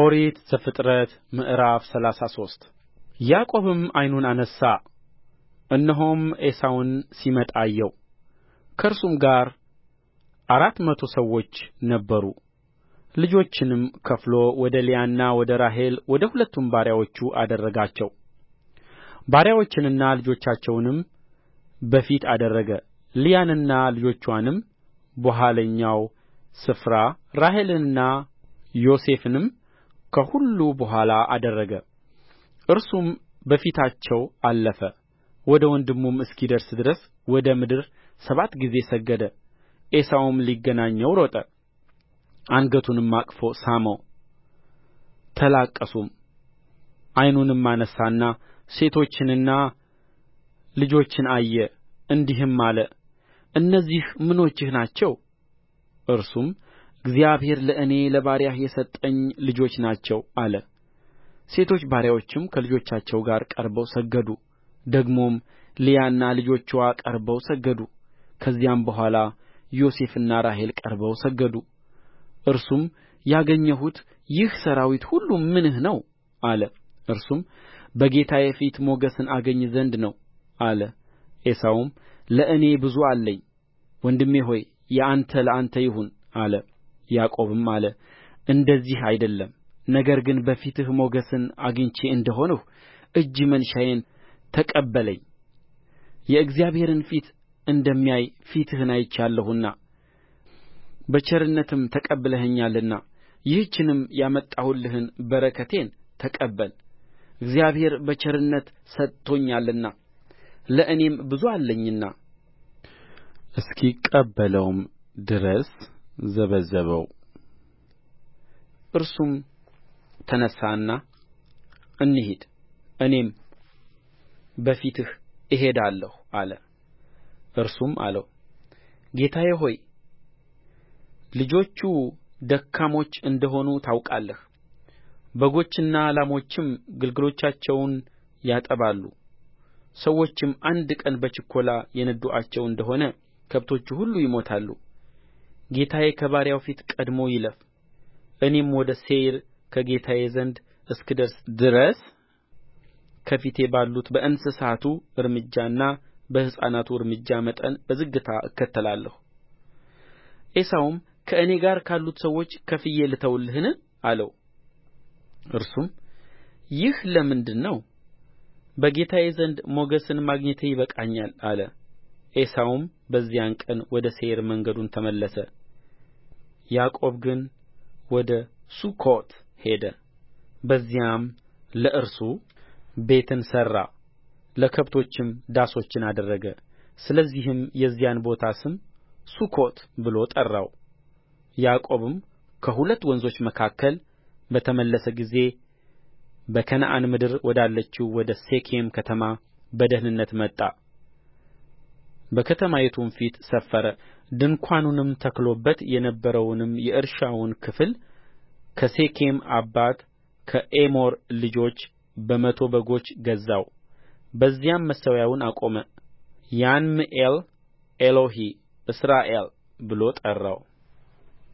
ኦሪት ዘፍጥረት ምዕራፍ ሰላሳ ሶስት ያዕቆብም ዓይኑን አነሣ እነሆም ዔሳውን ሲመጣ አየው ከእርሱም ጋር አራት መቶ ሰዎች ነበሩ ልጆችንም ከፍሎ ወደ ልያና ወደ ራሔል ወደ ሁለቱም ባሪያዎቹ አደረጋቸው ባሪያዎችንና ልጆቻቸውንም በፊት አደረገ ልያንና ልጆቿንም በኋለኛው ስፍራ ራሔልንና ዮሴፍንም ከሁሉ በኋላ አደረገ እርሱም በፊታቸው አለፈ ወደ ወንድሙም እስኪደርስ ድረስ ወደ ምድር ሰባት ጊዜ ሰገደ ዔሳውም ሊገናኘው ሮጠ አንገቱንም አቅፎ ሳመው ተላቀሱም ዓይኑንም አነሣና ሴቶችንና ልጆችን አየ እንዲህም አለ እነዚህ ምኖችህ ናቸው እርሱም እግዚአብሔር ለእኔ ለባሪያህ የሰጠኝ ልጆች ናቸው አለ ሴቶች ባሪያዎችም ከልጆቻቸው ጋር ቀርበው ሰገዱ ደግሞም ልያና ልጆችዋ ቀርበው ሰገዱ ከዚያም በኋላ ዮሴፍና ራሔል ቀርበው ሰገዱ እርሱም ያገኘሁት ይህ ሠራዊት ሁሉ ምንህ ነው አለ እርሱም በጌታዬ ፊት ሞገስን አገኝ ዘንድ ነው አለ ዔሳውም ለእኔ ብዙ አለኝ ወንድሜ ሆይ የአንተ ለአንተ ይሁን አለ ያዕቆብም አለ እንደዚህ አይደለም ነገር ግን በፊትህ ሞገስን አግኝቼ እንደ ሆንሁ እጅ መንሻዬን ተቀበለኝ የእግዚአብሔርን ፊት እንደሚያይ ፊትህን አይቼአለሁና በቸርነትም ተቀብለኸኛልና ይህችንም ያመጣሁልህን በረከቴን ተቀበል እግዚአብሔር በቸርነት ሰጥቶኛልና ለእኔም ብዙ አለኝና እስኪቀበለውም ድረስ ዘበዘበው እርሱም ተነሣና እንሂድ እኔም በፊትህ እሄዳለሁ አለ እርሱም አለው ጌታዬ ሆይ ልጆቹ ደካሞች እንደ ሆኑ ታውቃለህ በጎችና ላሞችም ግልገሎቻቸውን ያጠባሉ ሰዎችም አንድ ቀን በችኰላ የነዱአቸው እንደ ሆነ ከብቶቹ ሁሉ ይሞታሉ ጌታዬ ከባሪያው ፊት ቀድሞ ይለፍ እኔም ወደ ሴይር ከጌታዬ ዘንድ እስክደርስ ድረስ ከፊቴ ባሉት በእንስሳቱ እርምጃና በሕፃናቱ እርምጃ መጠን በዝግታ እከተላለሁ ዔሳውም ከእኔ ጋር ካሉት ሰዎች ከፍዬ ልተውልህን አለው እርሱም ይህ ለምንድር ነው በጌታዬ ዘንድ ሞገስን ማግኘቴ ይበቃኛል አለ ዔሳውም በዚያን ቀን ወደ ሴይር መንገዱን ተመለሰ ያዕቆብ ግን ወደ ሱኮት ሄደ በዚያም ለእርሱ ቤትን ሠራ ለከብቶችም ዳሶችን አደረገ ስለዚህም የዚያን ቦታ ስም ሱኮት ብሎ ጠራው ያዕቆብም ከሁለት ወንዞች መካከል በተመለሰ ጊዜ በከነዓን ምድር ወዳለችው ወደ ሴኬም ከተማ በደኅንነት መጣ በከተማይቱም ፊት ሰፈረ ድንኳኑንም ተክሎበት የነበረውንም የእርሻውን ክፍል ከሴኬም አባት ከኤሞር ልጆች በመቶ በጎች ገዛው በዚያም መሠዊያውን አቆመ ያንም ኤል ኤሎሄ እስራኤል ብሎ ጠራው